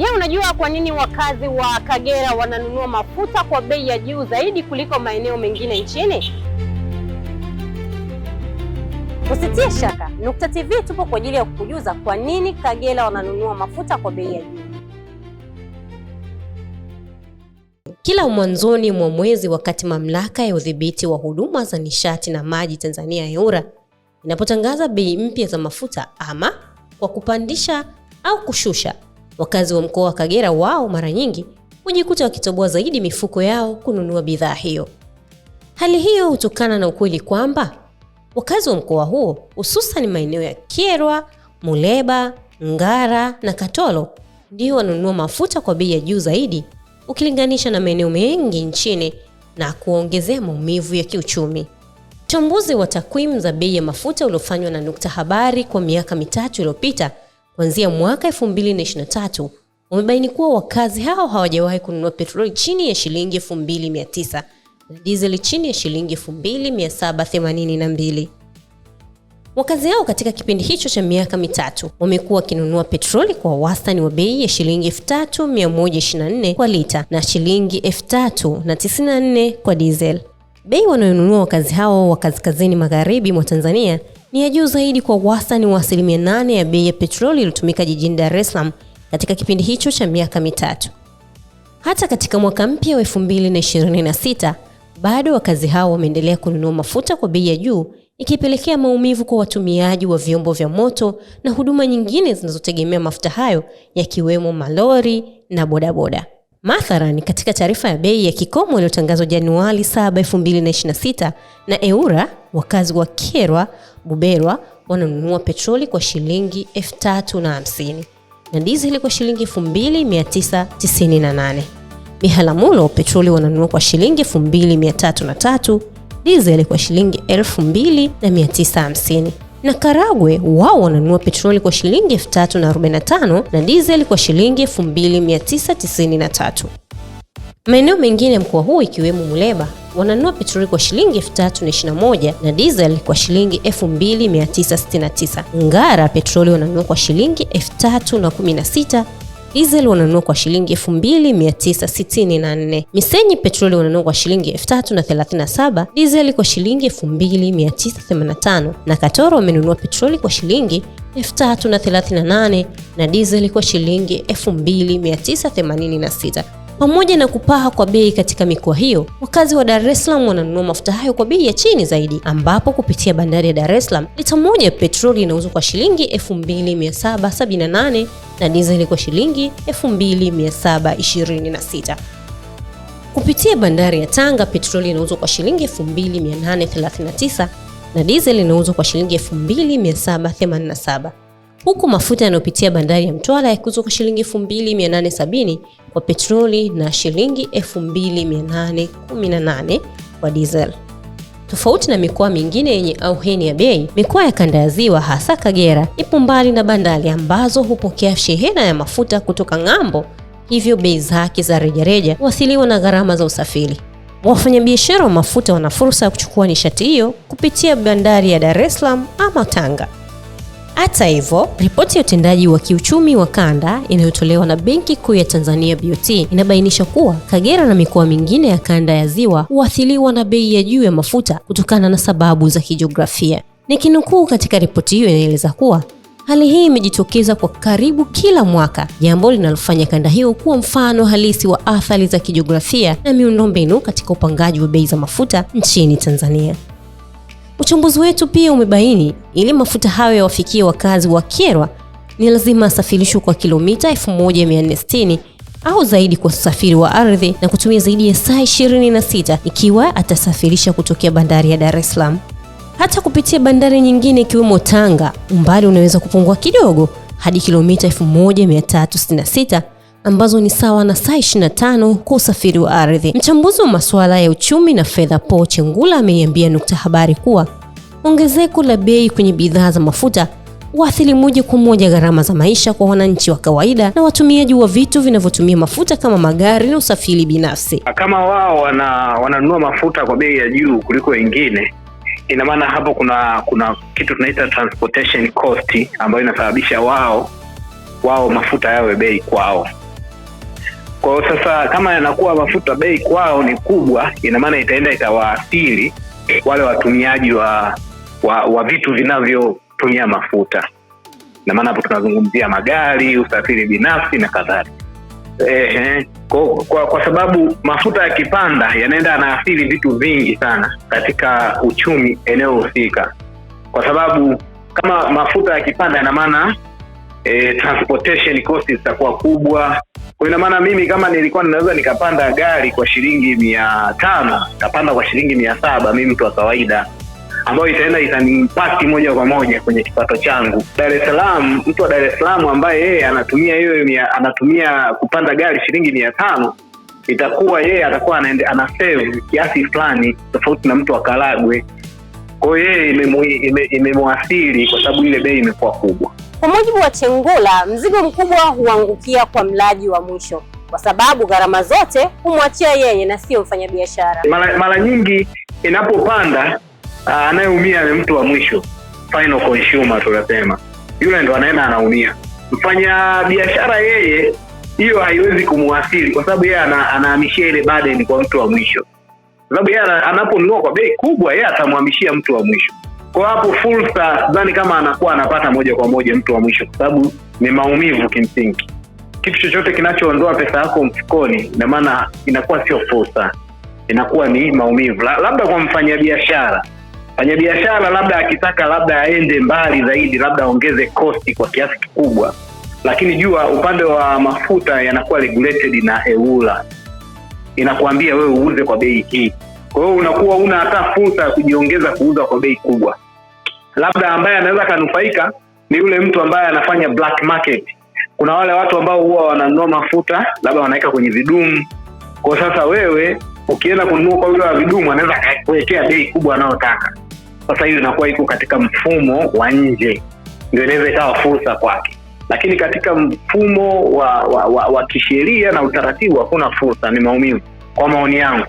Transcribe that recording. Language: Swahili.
Je, unajua kwa nini wakazi wa Kagera wananunua mafuta kwa bei ya juu zaidi kuliko maeneo mengine nchini? Usitie shaka, Nukta TV tupo kwa ajili ya kukujuza kwa nini Kagera wananunua mafuta kwa bei ya juu. Kila mwanzoni mwa mwezi, wakati mamlaka ya udhibiti wa huduma za nishati na maji Tanzania EWURA inapotangaza bei mpya za mafuta ama kwa kupandisha au kushusha Wakazi wa mkoa wa Kagera wao mara nyingi hujikuta wakitoboa zaidi mifuko yao kununua bidhaa hiyo. Hali hiyo hutokana na ukweli kwamba wakazi wa mkoa huo hususan maeneo ya Kyerwa, Muleba, Ngara na katolo ndio wanunua mafuta kwa bei ya juu zaidi ukilinganisha na maeneo mengi nchini na kuongezea maumivu ya kiuchumi. Uchambuzi wa takwimu za bei ya mafuta uliofanywa na Nukta Habari kwa miaka mitatu iliyopita kuanzia mwaka 223 wamebaini kuwa wakazi hao hawajawahi kununua petroli chini ya shilingi 29 na dizeli chini ya shilingi 2782. Wakazi hao katika kipindi hicho cha miaka mitatu wamekuwa wakinunua petroli kwa wastani wa bei ya shilingi 3124 kwa lita na shilingi 3094 kwa dizel Bei wanayonunua wakazi hao wa kaskazini magharibi mwa Tanzania ni ya juu zaidi kwa wastani wa asilimia nane ya bei ya petroli iliyotumika jijini Dar es Salaam katika kipindi hicho cha miaka mitatu. Hata katika mwaka mpya wa 2026 bado wakazi hao wameendelea kununua mafuta kwa bei ya juu, ikipelekea maumivu kwa watumiaji wa vyombo vya moto na huduma nyingine zinazotegemea mafuta hayo yakiwemo malori na bodaboda. Mathalan, katika taarifa ya bei ya kikomo iliyotangazwa Januari 7, 2026 na eura wakazi wa kerwa Buberwa wananunua petroli kwa shilingi 350 na dizeli kwa shilingi 2998. Biharamulo petroli wananunua kwa shilingi 2303, dizeli kwa shilingi 2950 na Karagwe wao wananunua petroli kwa shilingi 3045 na diesel kwa shilingi 2993. Maeneo mengine ya mkoa huu ikiwemo Muleba wananunua petroli kwa shilingi 3021 na diesel kwa shilingi 2969. Ngara petroli wananunua kwa shilingi 3016 Diesel wananunua kwa shilingi 2964. Misenyi petroli wananunua kwa shilingi 3037, diesel kwa shilingi 2985 na Katoro wamenunua petroli kwa shilingi 3038 na diesel kwa shilingi 2986. Pamoja na kupaha kwa bei katika mikoa hiyo, wakazi wa Dar es Salaam wananunua mafuta hayo kwa bei ya chini zaidi, ambapo kupitia bandari ya Dar es Salaam lita moja ya petroli inauzwa kwa shilingi 2778 na dizeli kwa shilingi 2726. Kupitia bandari ya Tanga petroli inauzwa kwa shilingi 2839 na diesel inauzwa kwa shilingi 2787, huku mafuta yanayopitia bandari ya Mtwara yakiuzwa kwa shilingi 2870 kwa petroli na shilingi 2818 kwa diesel. Tofauti na mikoa mingine yenye auheni ya bei, mikoa ya kanda ya Ziwa hasa Kagera ipo mbali na bandari ambazo hupokea shehena ya mafuta kutoka ng'ambo, hivyo bei zake za rejareja huathiriwa na gharama za usafiri. Wafanyabiashara wa mafuta wana fursa ya kuchukua nishati hiyo kupitia bandari ya Dar es Salaam ama Tanga. Hata hivyo, ripoti ya utendaji wa kiuchumi wa kanda inayotolewa na Benki Kuu ya Tanzania BOT inabainisha kuwa Kagera na mikoa mingine ya kanda ya Ziwa huathiriwa na bei ya juu ya mafuta kutokana na sababu za kijiografia. Nikinukuu katika ripoti hiyo, inaeleza kuwa hali hii imejitokeza kwa karibu kila mwaka, jambo linalofanya kanda hiyo kuwa mfano halisi wa athari za kijiografia na miundombinu katika upangaji wa bei za mafuta nchini Tanzania. Uchambuzi wetu pia umebaini ili mafuta hayo yawafikie wakazi wa Kyerwa ni lazima asafirishwe kwa kilomita 1460 au zaidi kwa usafiri wa ardhi na kutumia zaidi ya saa 26 ikiwa atasafirisha kutokea bandari ya Dar es Salaam. Hata kupitia bandari nyingine ikiwemo Tanga, umbali unaweza kupungua kidogo hadi kilomita 1366 ambazo ni sawa na saa 25 kwa usafiri wa ardhi. Mchambuzi wa masuala ya uchumi na fedha Paul Chengula ameiambia Nukta Habari kuwa ongezeko la bei kwenye bidhaa za mafuta huathiri moja kwa moja gharama za maisha kwa wananchi wa kawaida na watumiaji wa vitu vinavyotumia mafuta kama magari na usafiri binafsi. Kama wao wana wananunua mafuta kwa bei ya juu kuliko wengine, ina maana hapo kuna kuna kitu tunaita transportation cost ambayo inasababisha wao wao mafuta yawe bei kwao. Kwa hiyo sasa, kama yanakuwa mafuta bei kwao ni kubwa, ina maana itaenda itawaathiri wale watumiaji wa wa, wa vitu vinavyotumia mafuta, na maana hapo tunazungumzia magari, usafiri binafsi na kadhalika. Eh, kwa, kwa, kwa sababu mafuta yakipanda yanaenda yanaathiri vitu vingi sana katika uchumi eneo husika, kwa sababu kama mafuta yakipanda, yana maana eh, transportation zitakuwa kubwa kwa ina maana mimi kama nilikuwa ninaweza nikapanda gari kwa shilingi mia tano nikapanda kwa shilingi mia saba mimi mtu wa kawaida ambayo itaenda itanimpakti moja kwa moja kwenye kipato changu. Dar es Salaam, mtu wa Dar es Salaam ambaye yeye anatumia hiyo anatumia kupanda gari shilingi mia tano itakuwa yeye atakuwa ana kiasi fulani, tofauti na mtu wa Karagwe. Kwa hiyo yeye imemwathiri kwa sababu ile bei imekuwa kubwa. Kwa mujibu wa Chengula, mzigo mkubwa huangukia kwa mlaji wa mwisho kwa sababu gharama zote humwachia yeye na sio mfanyabiashara. Mara, mara nyingi inapopanda ah, anayeumia ni mtu wa mwisho, final consumer tunasema, yule ndo anaenda anaumia. Mfanya biashara yeye hiyo haiwezi kumuasili kwa sababu yeye anahamishia ile burden kwa mtu wa mwisho, kwa sababu yeye anaponunua kwa bei kubwa, yeye atamhamishia mtu wa mwisho. Kwa hapo fursa sidhani kama anakuwa anapata moja kwa moja mtu wa mwisho, kwa sababu ni maumivu kimsingi. Kitu chochote kinachoondoa pesa yako mfukoni, ina maana inakuwa sio fursa, inakuwa ni maumivu. La, labda kwa mfanyabiashara mfanyabiashara labda akitaka labda aende mbali zaidi, labda aongeze kosti kwa kiasi kikubwa, lakini jua upande wa mafuta yanakuwa regulated na EULA inakuambia wewe uuze kwa bei hii. Kwa hiyo unakuwa una hata fursa ya kujiongeza kuuza kwa bei kubwa labda ambaye anaweza akanufaika ni yule mtu ambaye anafanya black market. Kuna wale watu ambao huwa wananunua mafuta labda wanaweka kwenye vidumu. Kwa sasa wewe ukienda kununua kwa ule wa vidumu, anaweza kuwekea bei kubwa anayotaka. Sasa hiyo inakuwa iko katika mfumo wa nje, ndio inaweza ikawa fursa kwake, lakini katika mfumo wa, wa, wa, wa kisheria na utaratibu hakuna fursa, ni maumivu, kwa maoni yangu.